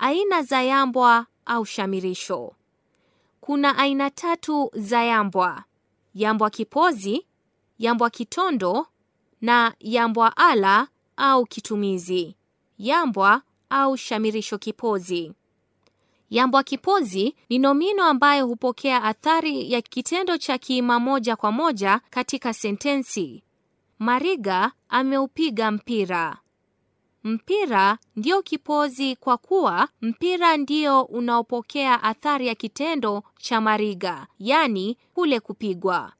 Aina za yambwa au shamirisho. Kuna aina tatu za yambwa: yambwa kipozi, yambwa kitondo na yambwa ala au kitumizi. Yambwa au shamirisho kipozi. Yambwa kipozi ni nomino ambayo hupokea athari ya kitendo cha kiima moja kwa moja katika sentensi. Mariga ameupiga mpira. Mpira ndio kipozi kwa kuwa mpira ndio unaopokea athari ya kitendo cha mariga, yani kule kupigwa.